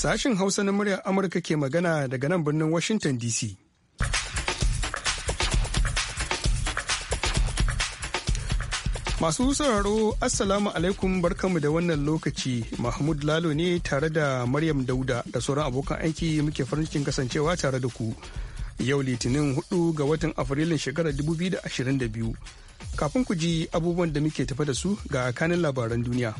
Sashen Hausa na muryar Amurka ke magana daga nan birnin Washington DC. Masu sauraro Assalamu alaikum barkanmu da wannan lokaci Mahmud Lalo ne tare da Maryam Dauda da sauran abokan aiki muke farin cikin kasancewa tare da ku. Yau Litinin 4 ga watan Afrilun shekarar 2022. Kafin ku ji abubuwan da muke tafa da su ga kanin labaran duniya.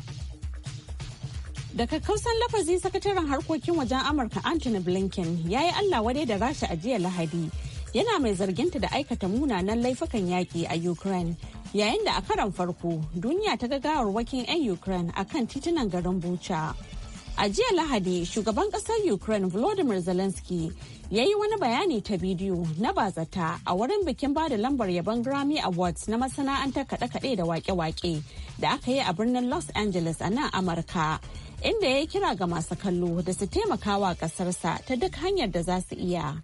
Da kakkausan lafazi sakataren harkokin wajen Amurka Anthony Blinken ya yi Allah wadai da rasha a jiya Lahadi. Yana mai zarginta da aikata munanan laifukan yaƙi a Ukraine. Yayin da a karan farko duniya ta ga gawarwakin 'yan Ukraine a kan titunan garin Bucha. A jiya Lahadi, shugaban kasar Ukraine Volodymyr Zelensky ya yi wani bayani ta bidiyo na bazata a wurin bikin bada lambar yabon Grammy Awards na masana'anta kaɗe-kaɗe da wake-wake da aka yi a birnin Los Angeles a nan Amurka, inda ya yi kira ga masu kallo da su taimakawa ƙasarsa ta duk hanyar da za su iya.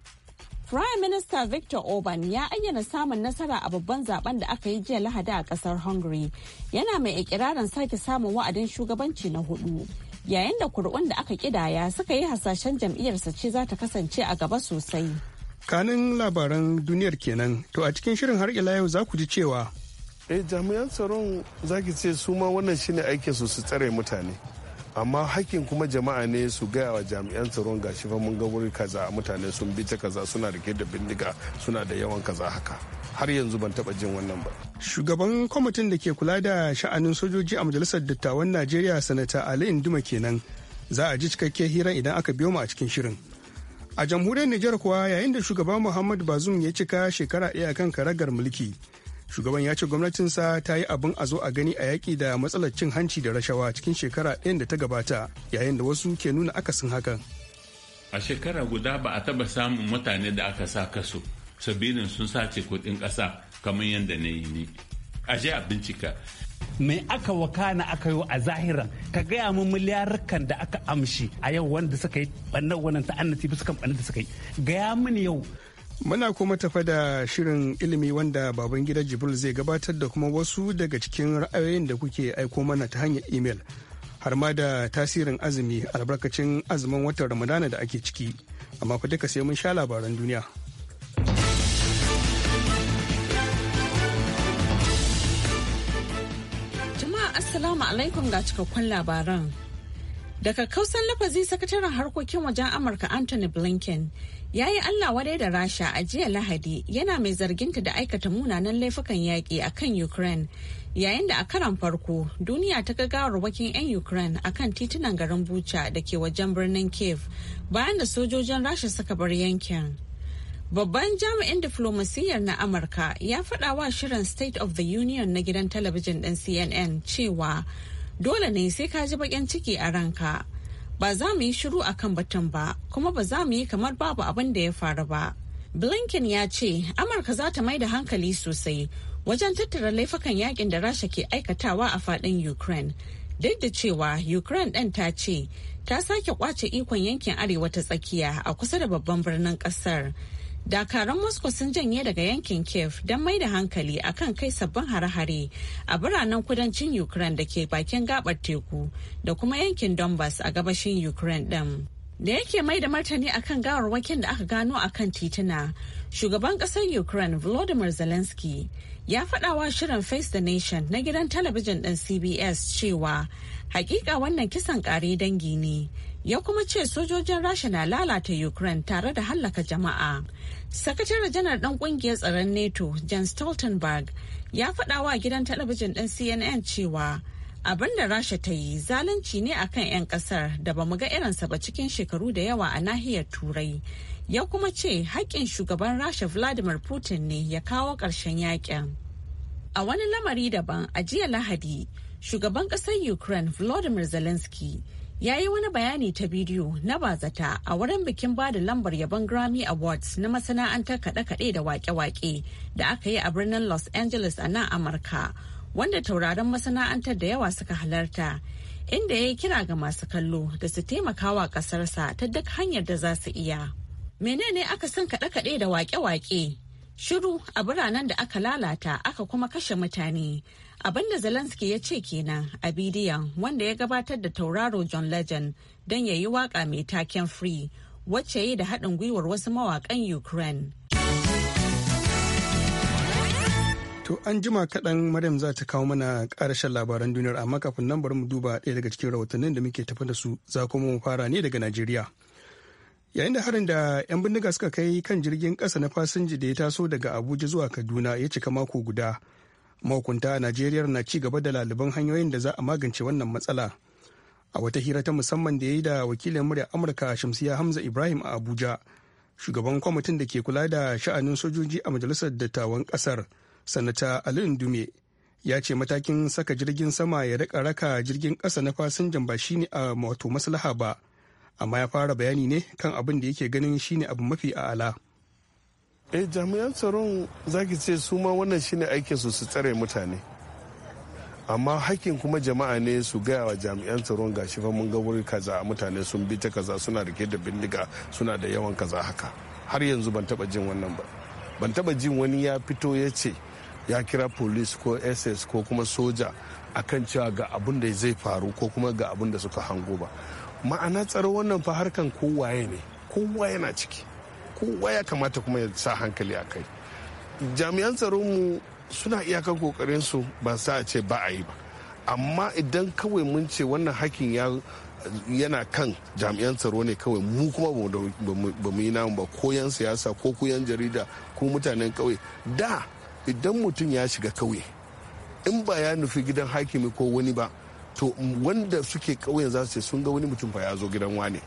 Prime Minister Victor Orban ya ayyana samun nasara a babban zaben da aka yi jiya Lahadi a kasar Hungary. Yana mai ikirarin sake samun wa'adin shugabanci na hudu. yayin da kuri'un da aka kidaya suka yi hasashen jam'iyyarsa ce za ta kasance a gaba sosai. kanin labaran duniyar kenan to a cikin shirin har ila yau za ku ji cewa eh jami'an tsaron ki ce su ma wannan shine aikin su su tsare mutane amma hakkin kuma jama'a ne su gaya wa jami'an tsaron ga shi fa mun ga wuri kaza mutane sun bi ta kaza suna rike da bindiga suna da yawan kaza haka har yanzu ban taba jin wannan ba. Shugaban kwamitin da ke kula da sha'anin sojoji a majalisar dattawan Najeriya sanata Ali Induma kenan za a ji cikakke hiran idan aka biyo mu a cikin shirin. A jamhuriyar Nijar kuwa yayin da shugaban Muhammad bazum ya cika shekara ɗaya kan karagar mulki. Shugaban ya ce gwamnatinsa ta yi abin a zo a gani a yaƙi da matsalar cin hanci da rashawa cikin shekara ɗayan da ta gabata yayin da wasu ke nuna akasin hakan. A shekara guda ba a taba samun mutane da aka sa kaso. sabinin sun sace kudin kasa kamar yadda na yi ni a je a bincika me aka wakana aka yi a zahiran ka gaya min miliyarukan da aka amshi a yau wanda suka yi bannan wannan ta annati bisu kan bannan da suka yi gaya min yau Muna kuma tafa da shirin ilimi wanda baban gida Jibril zai gabatar da kuma wasu daga cikin ra'ayoyin da kuke aiko mana ta hanyar imel har ma da tasirin azumi albarkacin azumin watan Ramadana da ake ciki. Amma fa duka sai mun sha labaran duniya. assalamu alaikum ga cikakkun labaran. Daga kausan lafazi sakataren harkokin wajen Amurka Anthony Blinken ya yi Allah wadai da Rasha a jiya Lahadi yana mai zarginta da aikata munanan laifukan yaƙi a kan Ukraine yayin da a karan farko duniya ta gawarwakin 'yan Ukraine a kan titunan garin Bucha da ke wajen birnin Kiev bayan da sojojin Rasha suka bar yankin. Babban jami'in diflomasiyyar na Amurka ya faɗa wa shirin State of the Union na gidan talabijin ɗin CNN cewa dole ne sai ka ji baƙin ciki a ranka. Ba za mu yi shiru a kan batun ba, kuma ba za mu yi kamar babu abin da ya faru ba. Blinken ya ce Amurka za ta mai da hankali sosai wajen tattara laifukan yakin da Rasha ke aikatawa a faɗin Ukraine. Duk da cewa Ukraine ɗin ta ce ta sake kwace ikon yankin arewa ta tsakiya a kusa da babban birnin ƙasar. dakaran moscow sun janye daga yankin kiev don mai da hankali akan kai sabbin hare-hare a biranen kudancin ukraine da ke bakin gabar teku da kuma yankin donbass a gabashin ukraine din da yake mai da martani akan gawarwakin da aka gano a kan tituna shugaban kasar ukraine volodymyr zelensky ya faɗawa shirin face the nation na gidan talabijin ɗin cbs cewa hakika wannan kisan ƙare dangi ne ya kuma ce sojojin rasha na lalata ukraine tare da hallaka jama'a sakataren janar ɗan ƙungiyar tsaron nato jan stoltenberg ya faɗa wa gidan talabijin ɗin cnn cewa abin da rasha ta yi zalunci ne a kan 'yan ƙasar da ba mu ga irinsa ba cikin shekaru da yawa a nahiyar turai ya kuma ce haƙƙin shugaban rasha vladimir putin ne ya kawo ƙarshen yakin a wani lamari daban a jiya lahadi shugaban ƙasar ukraine volodymyr zelensky ya yi wani bayani ta bidiyo na bazata a wurin bikin bada lambar yabon grammy awards na masana'antar kaɗe-kaɗe da waƙe-waƙe da aka yi a birnin los angeles a nan amurka wanda tauraron masana'antar da yawa suka halarta inda ya yi kira ga masu kallo da su taimaka wa ƙasarsa ta duk hanyar da za su iya menene aka san kaɗe-kaɗe da waƙe-waƙe? shiru a biranen da aka lalata aka kuma kashe mutane abinda zelensky ya ce kenan a bidiyon wanda ya gabatar da tauraro john legend don ya yi waka mai taken free wacce yi da haɗin gwiwar wasu mawakan ukraine To an jima kaɗan Maryam za ta kawo mana ƙarashen labaran duniyar amma kafin nan bari mu duba ɗaya daga cikin rahotannin da muke tafi da su za kuma mu fara ne daga Najeriya. yayin da harin da 'yan bindiga suka kai kan jirgin ƙasa na fasinji da ya taso daga abuja zuwa kaduna ya cika mako guda mahukunta a najeriya na ci gaba da laliban hanyoyin da za a magance wannan matsala a wata hira ta musamman da ya yi da wakilin murya amurka shamsiya hamza ibrahim a abuja shugaban kwamitin da ke kula da sha'anin sojoji a majalisar dattawan kasar sanata ali dume ya ce matakin saka jirgin sama ya raka raka jirgin kasa na fasinjan ba shine a wato maslaha ba amma ya fara bayani ne kan abin da yake ganin shine abu mafi a'ala. eh jami'an tsaron zaki ce su ma wannan shine aikin su su tsare mutane amma hakkin kuma jama'a ne su gaya wa jami'an tsaron ga fa mun ga wuri kaza mutane sun bi ta kaza suna rike da bindiga suna da yawan kaza haka har yanzu ban taba jin wannan ba ban taba jin wani ya fito ya ce ya kira police ko ss ko kuma soja akan cewa ga abin da zai faru ko kuma ga abin da suka hango ba ma'ana tsaro wannan fa harkan kowaye ne kowa yana ciki kowa ya kamata kuma ya sa hankali a kai jami'an mu suna iyakar kokarin su ba sa a ce ba a yi ba amma idan kawai mun ce wannan hakin ya yana kan jami'an tsaro ne kawai mu kuma ba mu yi namu ba ko yan siyasa ko ku yan jarida ko mutanen kauye da idan mutum ya shiga kauye in ba ya nufi gidan hakimi ko wani ba to wanda suke ƙauyen za su sun ga wani mutum fa ya zo gidan wane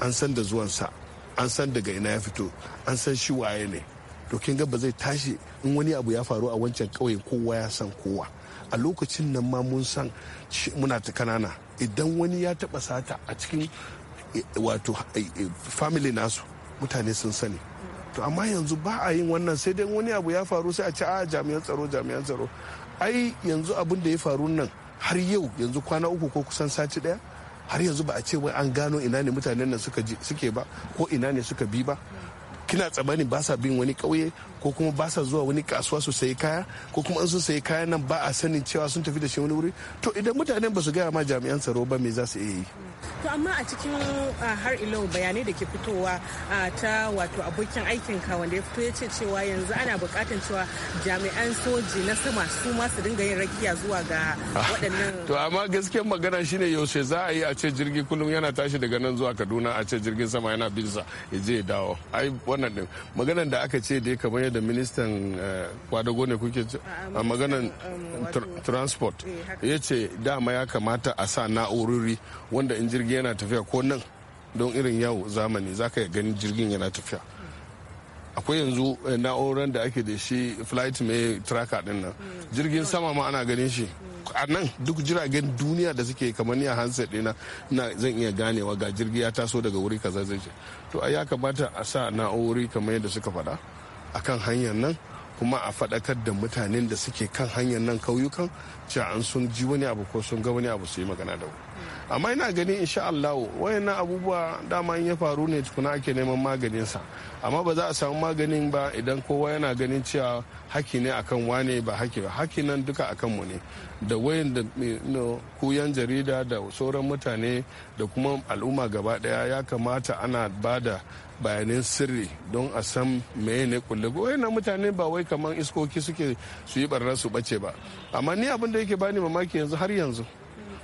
an san da zuwansa an san daga ina ya fito an san shi waye ne to kin ga ba zai tashi in wani abu ya faru a wancan ƙauye kowa ya san kowa a lokacin nan ma mun san muna ta kanana idan wani ya taɓa sata a cikin eh, wato eh, eh, family nasu mutane sun sani to amma yanzu ba a yin wannan sai dai wani abu ya faru sai a ci a ah, jami'an tsaro jami'an tsaro ai yanzu abin da ya faru nan har yau yanzu kwana uku ko kusan sati daya har yanzu ba a ce wai an gano ina ne mutanen nan suke ba ko ina ne suka bi ba kina tsammanin ba sa bin wani kauye ko kuma ba sa zuwa wani kasuwa su sayi kaya ko kuma an sun sayi kayan nan ba a sanin cewa sun tafi da shi wani wuri to idan mutanen ba su gaya ma jami'an tsaro ba me za su iya yi to amma a cikin har ilau bayanai da ke fitowa ta wato abokin aikin ka wanda ya fito ya ce cewa yanzu ana bukatan cewa jami'an soji na sama su ma su dinga yin rakiya zuwa ga waɗannan to amma gaskiyar magana shine yaushe za a yi a ce jirgi kullum yana tashi daga nan zuwa kaduna a ce jirgin sama yana bisa ya je ya dawo ai wannan din maganar da aka ce dai kamar da ministan eh, kwadago ne kuke a maganan um, transport eh, ya ce dama ya kamata a sa na'urori wanda in jirgin yana tafiya ko nan don irin yawo zamani za ka gani jirgin yana tafiya akwai yanzu eh, na'urar da ake da shi flight mai tracker din nan hmm. jirgin sama ma ana ganin shi hmm. a nan duk jiragen duniya da suke kamar ni a handset dina na zan iya ganewa ga jirgi ya taso daga wuri kaza zai ce to a ya kamata a sa na'urori kamar yadda suka faɗa a kan hanyar nan kuma a faɗakar da mutanen da suke kan hanyar nan kauyukan cewa an sun ji wani abu ko sun ga wani abu su yi magana da wani amma ina ganin insha Allah wayannan abubuwa dama in ya faru ne tukuna ake neman maganin sa amma ba za a samu maganin ba idan kowa yana ganin cewa haki ne akan wane ba haki ba haki nan duka akan mu ne da wayan da kuyan jarida da sauran mutane da kuma al'umma gaba daya ya kamata ana bada bayanin sirri don a san meye ne kulle na mutane ba wai kamar iskoki suke su yi barna su bace ba amma ni abin da yake bani mamaki yanzu har yanzu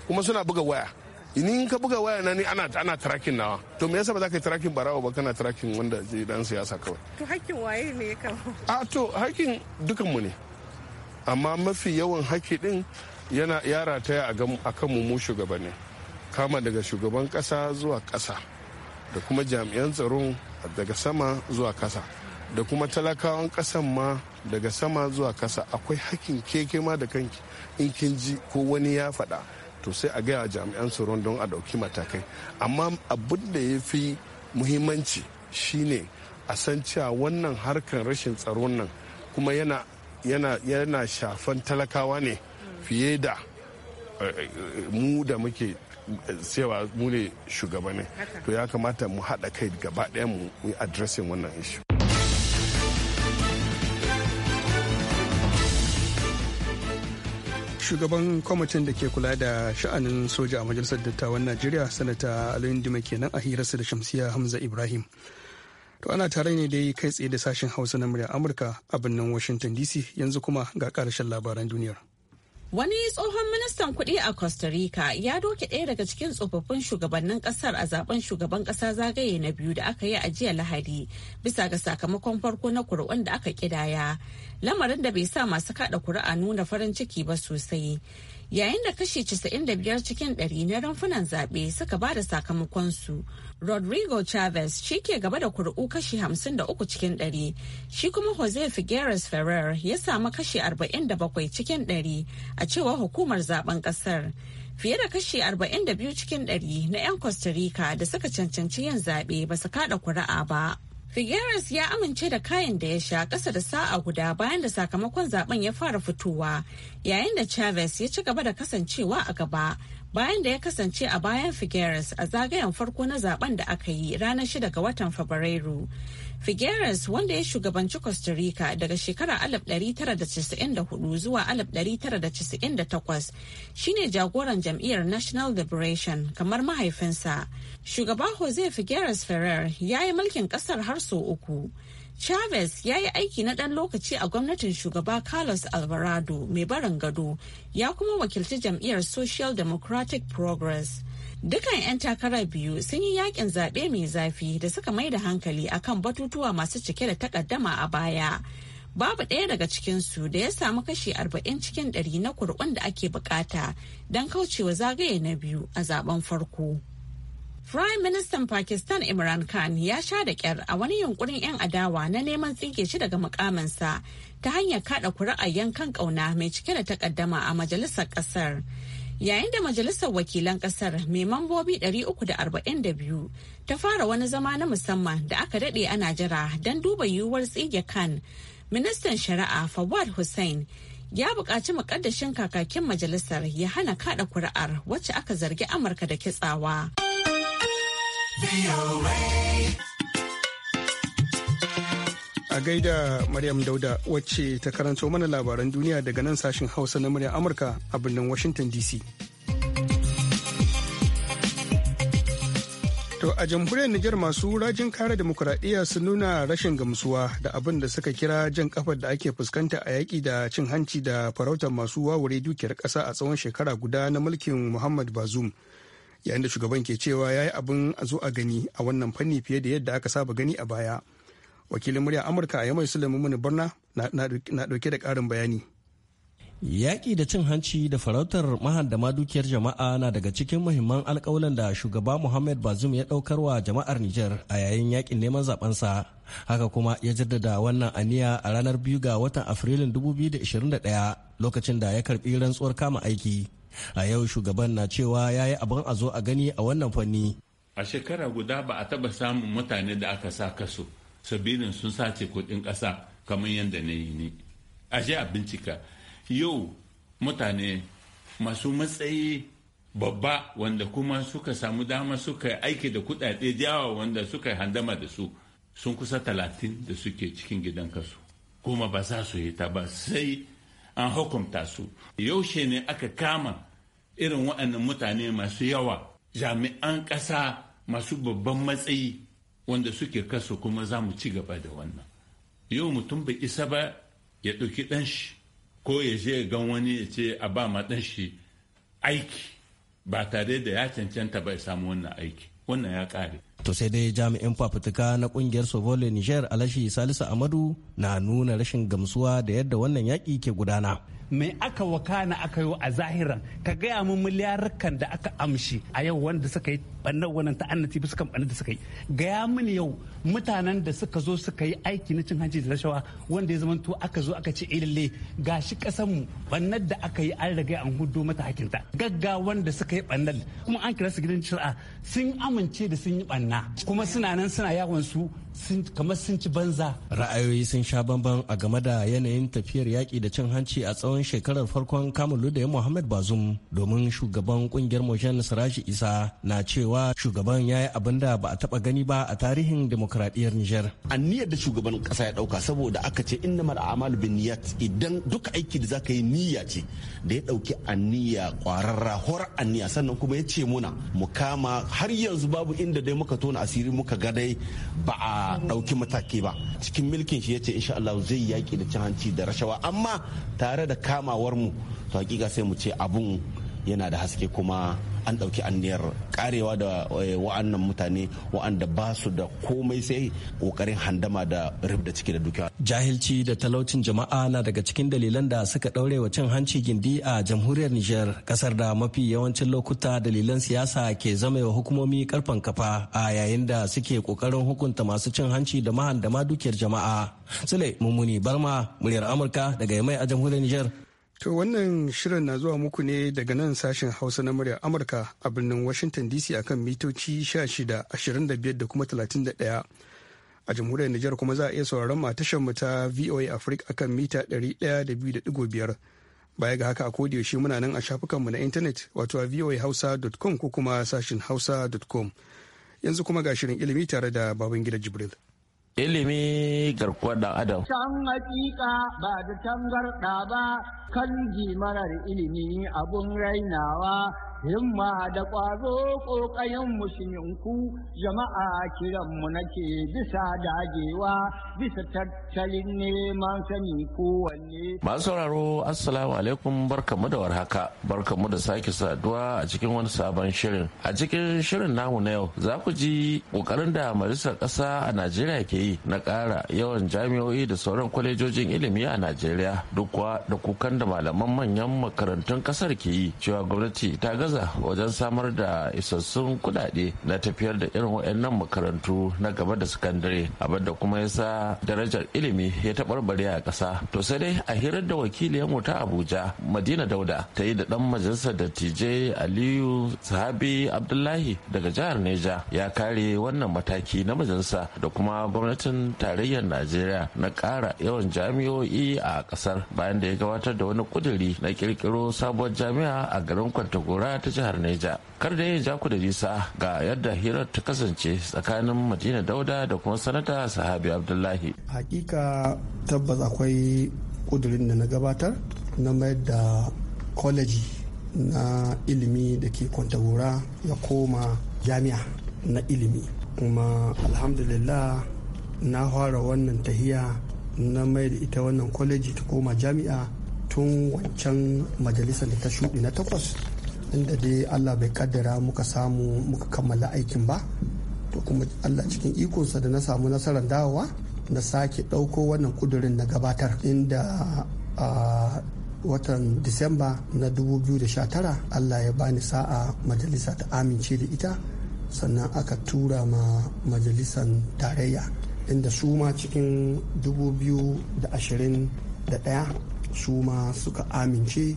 kuma suna buga waya in ka buga waya na ni ana ana tracking nawa to me yasa ba za ka yi tracking barawo ba kana tracking wanda zai dan siyasa kawai to hakkin waye ne kan a to hakkin dukan mu ne amma mafi yawan hakki din yana ya rataya a kan mu mu shugabanni kama daga shugaban kasa zuwa kasa da kuma jami'an tsaron daga sama zuwa kasa da kuma talakawan kasan ma daga sama zuwa kasa akwai hakkin keke ma da kanki in kin ji ko wani ya faɗa to sai a gaya jami'an tsaron don a ɗauki matakai amma abin da ya fi muhimmanci shine a san cewa wannan harkar rashin tsaron nan kuma yana shafan talakawa ne fiye da eh, mu da muke cewa mu ne shugabanni to ya kamata mu haɗa kai gaba ɗaya mu yi addressing wannan issue shugaban kwamitin da ke kula da sha'anin soja a majalisar dattawan najeriya sanata alain dima kenan a hirarsa da shamsiya hamza ibrahim to ana tare ne dai kai tsaye da sashen hausa na murya amurka a birnin washington dc yanzu kuma ga karashen labaran duniyar Wani tsohon ministan kuɗi a Costa Rica ya doke ɗaya daga cikin tsofaffin shugabannin ƙasar a zaben shugaban ƙasa zagaye na biyu da aka yi a jiya Lahadi bisa ga sakamakon farko na kuri'un da aka ƙidaya. Lamarin da bai sa masu kaɗa kuri'a nuna farin ciki ba sosai. yayin da kashi 95 cikin 100 na rumfunan zaɓe suka ba da su rodrigo chavez shi ke gaba da kuri'u kashi 53 cikin 100 shi kuma jose figueres ferrer ya samu kashi 47 cikin 100 a cewa hukumar zaben kasar fiye da kashi 42 cikin 100 na 'yan costa rica da suka cancanci yin zaɓe ba su kada kuri'a ba Figueres ya amince da kayan da ya sha ƙasa da sa'a guda bayan da sakamakon zaben ya fara fitowa yayin da Chavez ya ci gaba da kasancewa a gaba bayan da ya kasance a bayan Figueres a zagayen farko na zaben da aka yi ranar 6 ga watan Fabrairu. Figueres wanda ya shugabanci Costa Rica daga shekarar 1994 zuwa tara da 1998 shine jagoran jam'iyyar National Liberation kamar mahaifinsa. Shugaba Jose Figueres Ferrer ya yi mulkin kasar har sau uku. Chavez ya yi aiki na ɗan lokaci a gwamnatin shugaba Carlos Alvarado mai barin gado ya kuma wakilci jam'iyyar Social Democratic Progress. Dukan 'yan takara biyu sun yi yakin zaɓe mai zafi da suka mai da hankali akan batutuwa masu cike da takaddama a baya. Babu ɗaya daga cikinsu da ya samu kashi 40 cikin 100 na kur'un da ake bukata don kaucewa zagaye na biyu a zaben farko. Prime Minister Pakistan Imran Khan ya sha da kyar a wani yunkurin 'yan adawa na neman tsige shi daga mukaminsa ta hanyar kaɗa kuri'a yankan ƙauna mai cike da takaddama a majalisar Ƙasar. yayin da majalisar wakilan kasar mai mambobi 342 ta fara wani zama na musamman da aka daɗe ana jira don duba yiwuwar tsige kan ministan shari'a fawad hussein ya buƙaci muƙaddashin kakakin majalisar ya hana kaɗa kuri'ar wacce aka zargi amurka da kitsawa. a gaida Maryam Dauda wacce ta karanto mana labaran duniya daga nan sashen Hausa na muryar Amurka a birnin Washington DC. To a jamhuriyar niger masu rajin kare demokuraɗiyya sun nuna rashin gamsuwa da abin da suka kira jan kafar da ake fuskanta a yaƙi da cin hanci da farautar masu wawure dukiyar ƙasa a tsawon shekara guda na mulkin Muhammad Bazoum. Yayin da shugaban ke cewa ya yi abin a zo a gani a wannan fanni fiye da yadda aka saba gani a baya. wakilin murya amurka a yamai sulaiman muni barna na dauke da karin bayani yaƙi da cin hanci da farautar mahandama dukiyar jama'a na daga cikin muhimman alƙawalan da shugaba muhammad bazum ya ɗaukar wa jama'ar nijar a yayin yaƙin neman zaɓensa haka kuma ya jaddada wannan aniya a ranar biyu ga watan afrilun 2021 lokacin da ya karɓi rantsuwar kama aiki a yau shugaban na cewa ya yi abin a zo a gani a wannan fanni a shekara guda ba a taɓa samun mutane da aka sa kaso sabirin sun sace kuɗin ƙasa kamar yadda na yi ni a a bincika yau mutane masu matsayi babba wanda kuma suka samu dama suka aiki da kuɗaɗe jawa wanda suka handama da su sun kusa talatin da suke cikin gidan kasu kuma ba za su yi ta ba sai an hukumta su yaushe ne aka kama irin waɗannan mutane masu yawa jami'an ƙasa masu babban matsayi wanda suke kaso kuma za mu ci gaba da wannan yau mutum bai isa ba ya ɗauki ɗan ko ya je gan wani ya ce a ba ma ɗan shi aiki ba tare da ya cancanta ba ya samu wannan aiki wannan ya ƙare to sai dai jami'in fafutuka na kungiyar sovole niger alashi salisu amadu na nuna rashin gamsuwa da yadda wannan yaƙi ke gudana mai aka wakana aka yi a zahiran ka gaya mun miliyarukan da aka amshi a yau wanda suka yi bannan wannan annati bisa kan bannan da suka yi gaya mini yau mutanen da suka zo suka yi aiki na cin hanci da rashawa wanda ya zamanto aka zo aka ce ilalle eh, gashi kasan mu bannan da aka yi an riga an hudo mata hakinta gagga wanda suka yi bannan kuma an kira su gidan shari'a sun amince da sun yi banna kuma suna nan suna yawon su kamar sun ci banza. Ra'ayoyi sun sha bamban a game da yanayin tafiyar yaƙi da cin hanci a tsawon shekarar farkon kamun ludayen Muhammad Bazum domin shugaban kungiyar Mojan Siraji Isa na cewa shugaban ya yi abin da ba a taɓa gani ba a tarihin demokradiyyar Nijar. niyyar da shugaban kasa ya ɗauka saboda aka ce inna mara a'mal bin niyat idan duk aiki da zaka yi niyya ce da ya ɗauki aniya ƙwararra hor aniya sannan kuma ya ce muna mu kama har yanzu babu inda dai muka tona asiri muka ga dai ba a a ɗauki mataki ba cikin milkin shi ya ce insha Allah zai yaki da cin hanci da rashawa amma tare da kamawar mu to hakika sai mu ce abun yana da haske kuma an ɗauki anniyar karewa da eh, wa'annan mutane wa'anda ba su da komai sai ƙoƙarin handama da ribda ciki da dukiya. Jahilci da talaucin jama'a na daga cikin dalilan da suka ɗaure wa cin hanci gindi a jamhuriyar Nijar ƙasar da mafi yawancin lokuta dalilan siyasa ke zama wa hukumomi karfan kafa a yayin da suke ƙoƙarin hukunta masu cin hanci da mahandama dukiyar jama'a. Sule Mummuni Barma, muryar Amurka daga Yamai a jamhuriyar Nijar. To wannan shirin na zuwa muku ne daga nan sashen Hausa na muryar Amurka a birnin Washington DC akan mitoci 16, 25 da kuma 31. A jamhuriyar Nijar kuma za a iya sauraron tashar mu ta VOA Africa akan mita 102.5. Baya ga haka a yaushe muna nan a shafukan mu na intanet wato a voahausa.com ko kuma sashen hausa.com. Yanzu kuma ga shirin ilimi tare da Babangida Jibril. Ilimi garkuwar dan Adam. Can hakika ba da tangarɗa ba kangi marar ilimi abun rainawa himma da ƙwazo ƙoƙayen musulunku jama'a kiranmu nake bisa dagewa bisa tattalin neman sani kowanne. Masu sauraro Assalamu alaikum barkamu da warhaka barkamu da sake saduwa a cikin wani sabon shirin. A cikin shirin namu na yau za ku ji ƙoƙarin da majalisar ƙasa a Najeriya ke yi na ƙara yawan jami'o'i da sauran kwalejojin ilimi a Najeriya duk da kukan da malaman manyan makarantun kasar ke yi cewa gwamnati ta gaza wajen samar da isassun kudade na tafiyar da irin wayannan makarantu na gaba da sakandare abin da kuma yasa darajar ilimi ya taɓarɓare a ƙasa to sai dai a hirar da wakili mu ta abuja madina dauda ta yi da ɗan majalisar dattijai aliyu sahabi abdullahi daga jihar neja ya kare wannan mataki na majalisa da kuma gwamnatin tarayyar najeriya na kara yawan jami'o'i a ƙasar bayan da ya gabatar da wani kuduri na kirkiro sabuwar jami'a a garin kwantagora ta jihar neja kar da yin jaku da nisa ga yadda hirar ta kasance tsakanin madina dauda da kuma sanata sahabi abdullahi hakika tabbas akwai kudurin da na gabatar na mayar da kwaleji na ilimi da ke kwantagora ya koma jami'a na ilimi kuma alhamdulillah na fara wannan tahiya na mai da ita wannan kwaleji ta koma jami'a tun wancan majalisar da ta shuɗi na takwas inda dai allah bai kaddara muka samu muka kammala aikin ba to kuma allah cikin ikonsa da na samu nasarar dawowa na sake ɗauko wannan kudurin na gabatar inda a watan disamba na 2019 allah ya bani sa'a majalisa ta amince da ita sannan aka tura ma majalisar tarayya inda su ma cikin 2021 su ma suka amince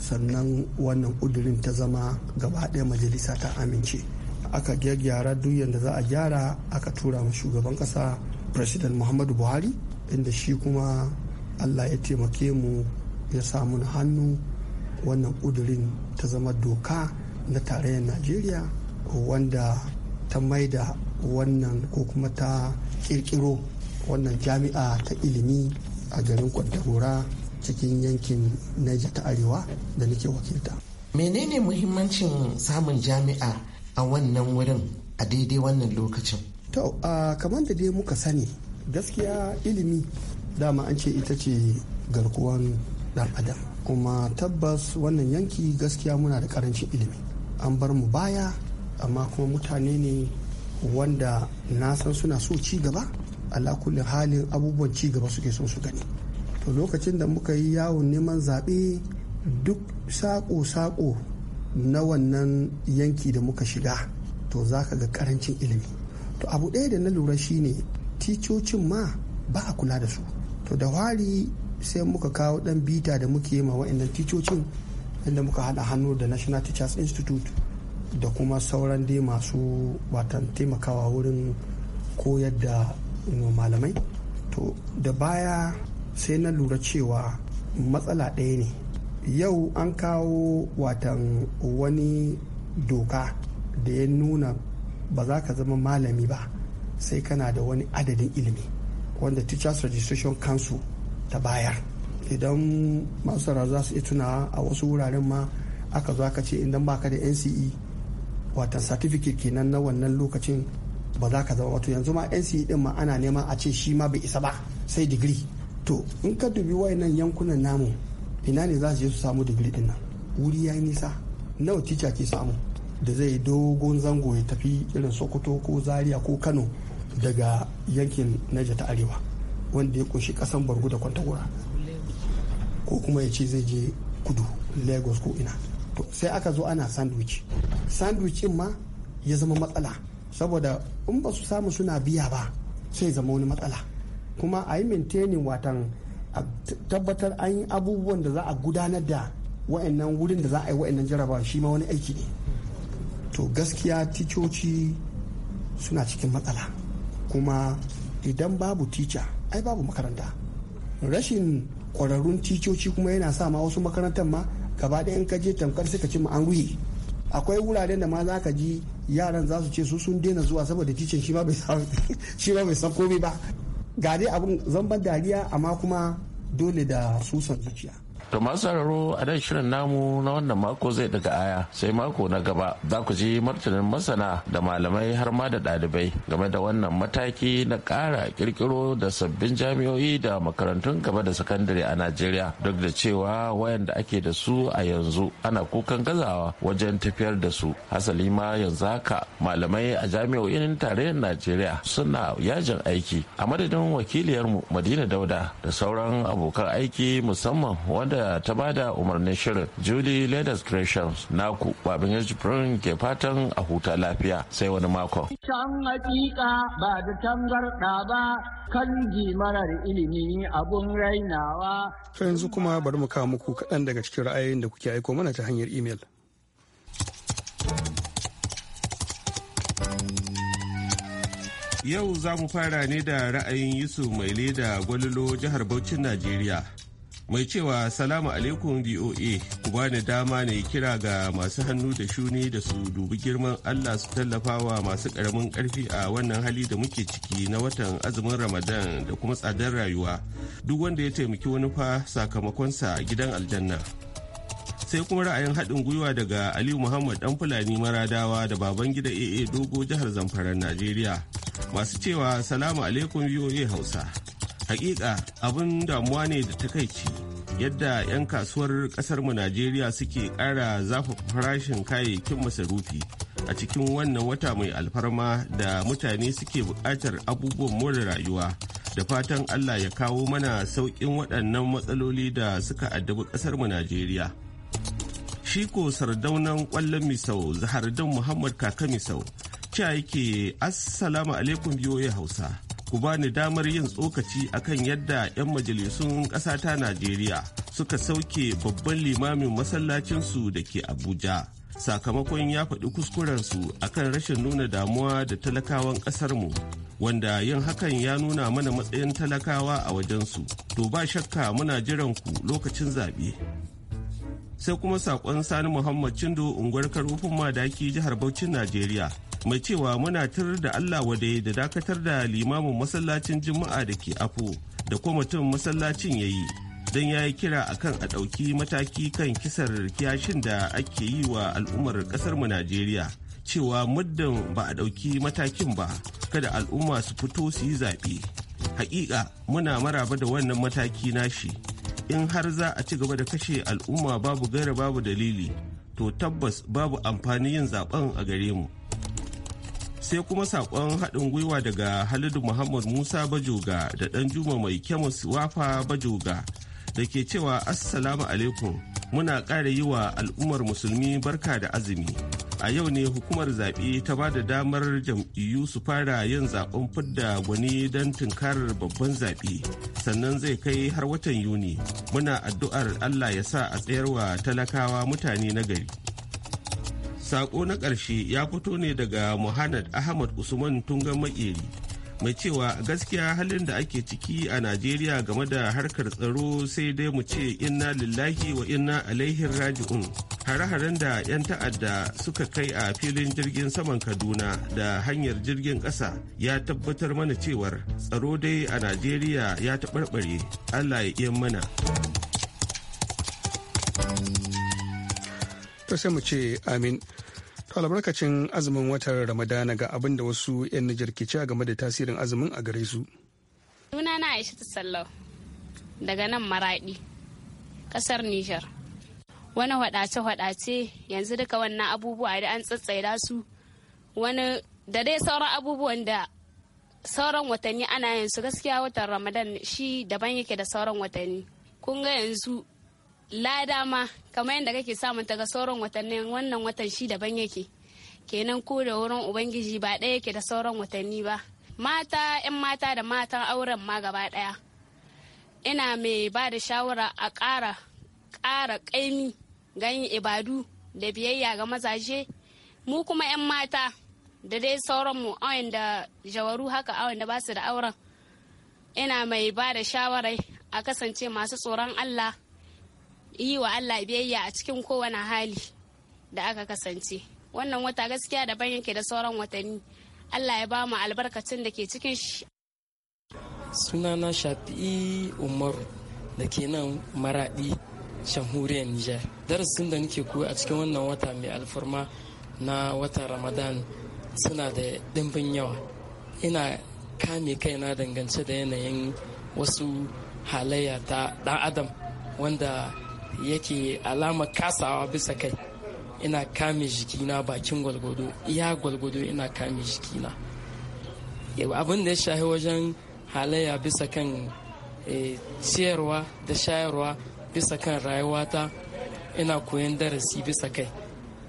sannan wannan ƙudurin ta zama gaba ɗaya majalisa ta amince aka gyaggyara duk da za a gyara aka tura ma shugaban ƙasa president muhammadu buhari inda shi kuma allah ya taimake mu ya samu hannu wannan ƙudurin ta zama doka na tarayyar najeriya wanda ta maida wannan ko kuma ta kirkiro wannan jami'a ta ilimi a garin kwadagora cikin yankin Niger ta Arewa da nake wakilta. Menene muhimmancin samun jami'a a wannan wurin a daidai wannan lokacin? To, kamar da dai muka sani gaskiya ilimi dama an ce ita ce garkuwan ɗan adam kuma tabbas wannan yanki gaskiya muna da karancin ilimi an bar mu baya amma kuma mutane ne wanda na san suna so ci gaba ala halin abubuwan ci gaba suke so su gani to lokacin da muka yi yawon neman zaɓe duk saƙo-saƙo na wannan yanki da muka shiga to za ka ga karancin ilimi to abu ɗaya da na lura shine ticocin ma ba a kula da su to da wari sai muka kawo ɗan bita da muke ma wa'annan ticocin inda muka haɗa hannu da national teachers institute da kuma sauran dai masu watan taimakawa wurin koyar da malamai to da baya sai na lura cewa matsala ɗaya ne yau an kawo watan wani doka da ya nuna ba za ka zama malami ba sai kana da wani adadin ilimi wanda teachers registration council ta bayar idan masu za su tuna a wasu wuraren ma aka zo aka ce idan baka da nce watan certificate kenan na wannan lokacin ba za ka zama wato yanzu ma nce din ma ana neman a ce shi ma bai isa ba sai digiri to in ka dubi nan yankunan namu ina ne za su je su samu digiri din nan wuri ya yi nisa nawa tica ke samu da zai yi dogon zango ya tafi irin sokoto ko zaria ko kano daga yankin naija ta arewa wanda ya kunshi kasan bargu da kwantagora ko kuma ya ce zai je kudu lagos ko ina to sai aka zo ana sandwich sandwichin ma ya zama matsala saboda in ba su samu suna biya ba sai zama wani matsala kuma a yi maintainin watan a tabbatar an yi abubuwan da za a gudanar da wa'annan wurin da za a yi wa'annan jarabawa shi ma wani aiki ne to gaskiya ticoci suna cikin matsala kuma idan babu tica ai babu makaranta rashin kwararrun ticoci kuma yana sa ma wasu makarantar ma gaba ɗaya in ka je tamkar suka ka ci ma an ruhe akwai wuraren da ma za ka ji yaran za su ce su sun daina zuwa saboda ticin shi ma bai san komai ba ga abin zamban dariya amma kuma dole da susan zuciya To masu sauraro a nan shirin namu na wannan mako zai daga aya sai mako na gaba za ku ji martanin masana da malamai har ma da ɗalibai game da wannan mataki na kara. ƙirƙiro da sabbin jami'o'i da makarantun gaba da sakandare a Najeriya duk da cewa wayanda ake da su a yanzu ana kukan gazawa wajen tafiyar da su. Hasali ma yanzu haka malamai a jami'o'in tarayyar Najeriya suna yajin aiki a madadin wakiliyar mu Madina Dauda da sauran abokan aiki musamman wanda da ta bada umarnin shirin julie leathers na naku babin yajibirin ke fatan a huta lafiya sai wani makon. can hakika ba da tangarda ba kan marar ilimi abun rainawa. to yanzu kuma bari mu kawo muku kaɗan daga cikin ra'ayoyin da kuke aiko mana ta hanyar imel. Yau za mu fara ne da ra'ayin Yusuf Maile da Gwalilo jihar Bauchin Najeriya mai cewa salamu alaikum voa ku bani dama ne kira ga masu hannu da shuni da su dubi girman allah su tallafa wa masu karamin karfi a wannan hali da muke ciki na watan azumin ramadan da kuma tsadar rayuwa duk wanda ya taimaki wani fa sakamakonsa gidan aljanna sai kuma ra'ayin haɗin gwiwa daga aliyu muhammad dan fulani maradawa da baban gida aa dogo jihar zamfara najeriya masu cewa salamu alaikum voa hausa hakika abin damuwa ne da takaici yadda 'yan kasuwar kasarmu najeriya suke kara zafa farashin kayayyakin masarufi a cikin wannan wata mai alfarma da mutane suke buƙatar abubuwan more rayuwa da fatan allah ya kawo mana sauƙin waɗannan matsaloli da suka addabi ƙasarmu najeriya shiko sardaunan Kwallon misau zahardan muhammad kaka misau cewa yake assalamu alaikum biyoyi hausa ku ni damar yin tsokaci akan yadda 'yan majalisun ƙasata Najeriya suka sauke babban limamin masallacinsu da ke Abuja. Sakamakon ya faɗi kuskurensu akan rashin nuna damuwa da talakawan ƙasarmu. Wanda yin hakan ya nuna mana matsayin talakawa a wajensu, to ba shakka muna jiran ku lokacin zaɓe. Sai kuma saƙon Sani Muhammad Cindo unguwar Karufin Madaki jihar Bauchin Najeriya mai cewa muna tir da Allah wadai da dakatar da limamin masallacin juma'a da ke afo da kuma mutum masallacin ya yi don ya yi kira akan a ɗauki mataki kan kisar kiyashin da ake yi wa al'ummar mu Najeriya cewa muddin ba a ɗauki matakin ba kada al'umma su fito su yi zaɓe. Haƙiƙa muna maraba da wannan mataki nashi in har za a ci gaba da kashe al'umma babu gaira babu dalili to tabbas babu amfani yin zaɓen a gare mu. sai kuma sakon haɗin gwiwa daga halidu muhammad musa bajoga da ɗan juma mai kemis wafa bajoga da ke cewa assalamu alaikum muna ƙara yi wa al'ummar musulmi barka da azumi a yau ne hukumar zaɓe ta ba da damar jam'iyyu su fara yin zaɓen fidda gwani don tunkarar babban zaɓe sannan zai kai har watan yuni muna addu'ar allah ya sa a tsayarwa talakawa mutane na gari Sako na ƙarshe ya fito ne daga Muhammad Ahmad Usman Tungan Makeri mai cewa gaskiya halin da ake ciki a Najeriya game da harkar tsaro sai dai mu ce inna lillahi wa inna alaihin raji'un. Hare-haren da 'yan ta'adda suka kai a filin jirgin saman Kaduna da hanyar jirgin ƙasa ya tabbatar mana cewar tsaro dai a Najeriya ya taɓarɓare Allah ya iya mana. to sai mu ce amin to albarkacin azumin watan ramadana ga abin da wasu 'yan nijar ke ci game da tasirin azumin a gare su suna sunana aisha sallau daga nan maraɗi ƙasar nijar wani hwadace-hwadace yanzu duka wannan abubuwa da an tsatsaida su wani da dai sauran abubuwan da sauran watanni ana yin su gaskiya watan ramadan shi daban yake da sauran watanni kun ga yanzu lada ma kamar yadda kake samun ta ga sauran watanni wannan watan shi daban yake kenan ko da wurin ubangiji ba ɗaya yake da sauran watanni ba mata 'yan mata da matan auren ma gaba ɗaya ina mai ba da shawara a ƙara ƙara ƙaimi ganin ibadu da biyayya ga mazaje mu kuma 'yan mata da dai sauranmu awon da jawaru haka awon da basu da auren ina mai ba da shawarai a kasance masu tsoron allah yi wa Allah biyayya a cikin kowane hali da aka kasance wannan wata gaskiya daban yake da sauran watanni Allah ya ba mu albarkacin da ke cikin shi sunana shafi'i umar da ke nan maraɗi shahuriyar nijar darasin da nake koyo a cikin wannan wata mai alfarma na wata ramadan suna da ɗimbin yawa ina kame kai na dangance da yanayin wasu halayya ta ɗan adam wanda yake alama kasawa bisa kai ina kame jikina bakin gwalgwado iya gwalgwado ina kame jikina abin da ya shahi wajen halayya bisa kan eh, ciyarwa da shayarwa bisa kan rayuwata ina koyon darasi bisa kai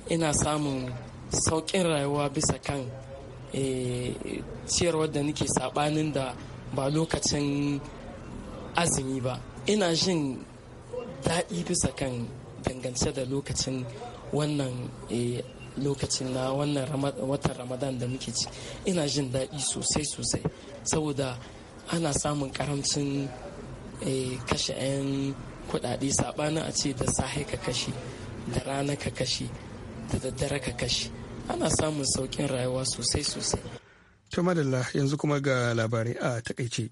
ina samun sauƙin rayuwa bisa kan eh, ciyarwa da nake sabanin da ba lokacin azumi ba ina jin daɗi bisa kan dangance da lokacin wannan eh, lokacin na wannan watan ramadan da muke ci ina jin daɗi sosai sosai saboda ana samun karamcin eh, kashe 'yan kuɗaɗe saɓanin a ce da sahi ka kashe da rana ka kashe da daddare ka kashe ana samun sauƙin rayuwa sosai sosai. to madalla yanzu kuma ga labarai a takaice.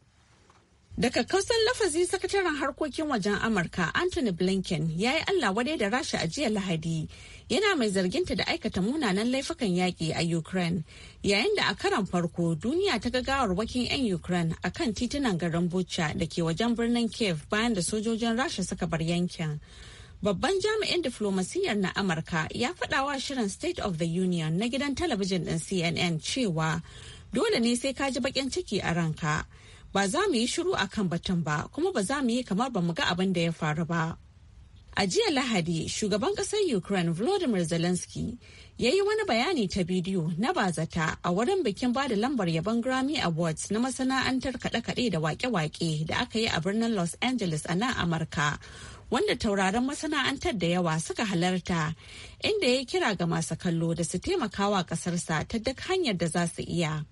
Daga kausan lafazi sakataren harkokin wajen Amurka Anthony Blinken ya yi Allah wadai da rasha a jiya Lahadi yana mai zarginta da aikata munanan laifukan yaƙi a Ukraine yayin da a karan farko duniya ta gawarwakin 'yan Ukraine a kan titunan garin Bucha da ke wajen birnin Kiev bayan da sojojin rasha suka bar yankin. Babban jami'in diflomasiyyar na Amurka ya faɗawa shirin State of the Union na gidan talabijin ɗin CNN cewa dole ne sai ka ji baƙin ciki a ranka. ba za mu yi shiru a kan batun ba kuma ba za mu yi kamar ba mu ga abin da ya faru ba. A jiya Lahadi, shugaban ƙasar Ukraine Volodymyr Zelensky ya yi wani bayani ta bidiyo na bazata a wurin bikin bada lambar yabon Grammy Awards na masana'antar kaɗe-kaɗe da waƙe-waƙe da aka yi a birnin Los Angeles a nan Amurka, wanda tauraron masana'antar da yawa suka halarta, inda ya kira ga masu kallo da su taimakawa ƙasarsa ta duk hanyar da za su iya.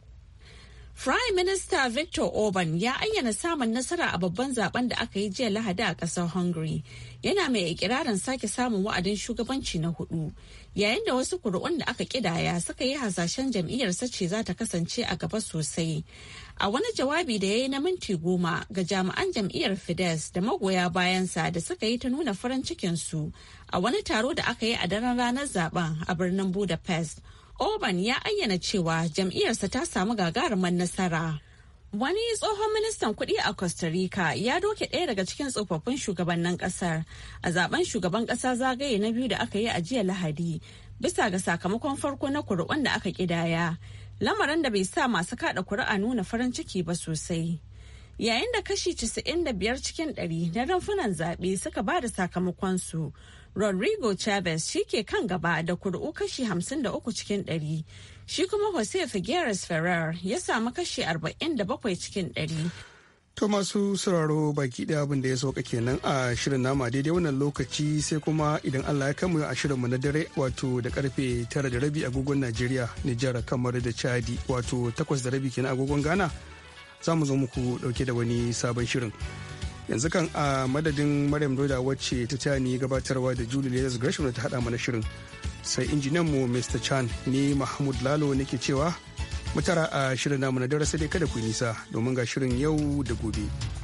Prime Minister Victor Orban ya ayyana samun nasara a babban zaben da aka yi jiya Lahadi a kasar Hungary. Yana mai ikirarin sake samun wa'adin shugabanci na hudu. Yayin da wasu kuri'un da aka kidaya suka yi hasashen jam'iyyar sace za ta kasance a gaba sosai. A wani jawabi da ya yi na minti goma ga jami'an jam'iyyar Fidesz da magoya bayansa da suka yi ta nuna farin cikinsu a wani taro da aka yi a daren ranar zaben a birnin Budapest. Oban ya ayyana cewa jam'iyyarsa ta samu gagarumar nasara. Wani tsohon ministan kuɗi a Costa Rica ya doke ɗaya daga cikin tsofaffin shugabannin ƙasar a zaben shugaban ƙasa zagaye na biyu da aka yi a jiya Lahadi bisa ga sakamakon farko na kuri'un da aka ƙidaya. Lamarin da bai sa masu kaɗa kuri'a nuna farin ciki ba sosai. Yayin da kashi 95 cikin ɗari na rumfunan zaɓe suka ba da sakamakonsu. su rodrigo chavez shi ke kan gaba da kuri'u kashi 53 cikin 100 shi kuma jose figueres ferrer ya samu kashi 47 cikin 100 To masu sauraro baki ɗaya abin da ya sauka kenan a shirin nama daidai wannan lokaci sai kuma idan Allah ya kamu a shirinmu na dare wato da karfe tara da rabi agogon Najeriya, Nijar, kamar da Chadi wato takwas da rabi kenan agogon Ghana za mu zo muku dauke da wani sabon shirin. yanzu kan a madadin maryam doda wacce ta ni gabatarwa da julie lewis gresham da ta hada mana shirin sai injiniyan mu mr chan ni mahmud lalo nake cewa mutara a shirin namu na darasa dai kada ku nisa domin ga shirin yau da gobe.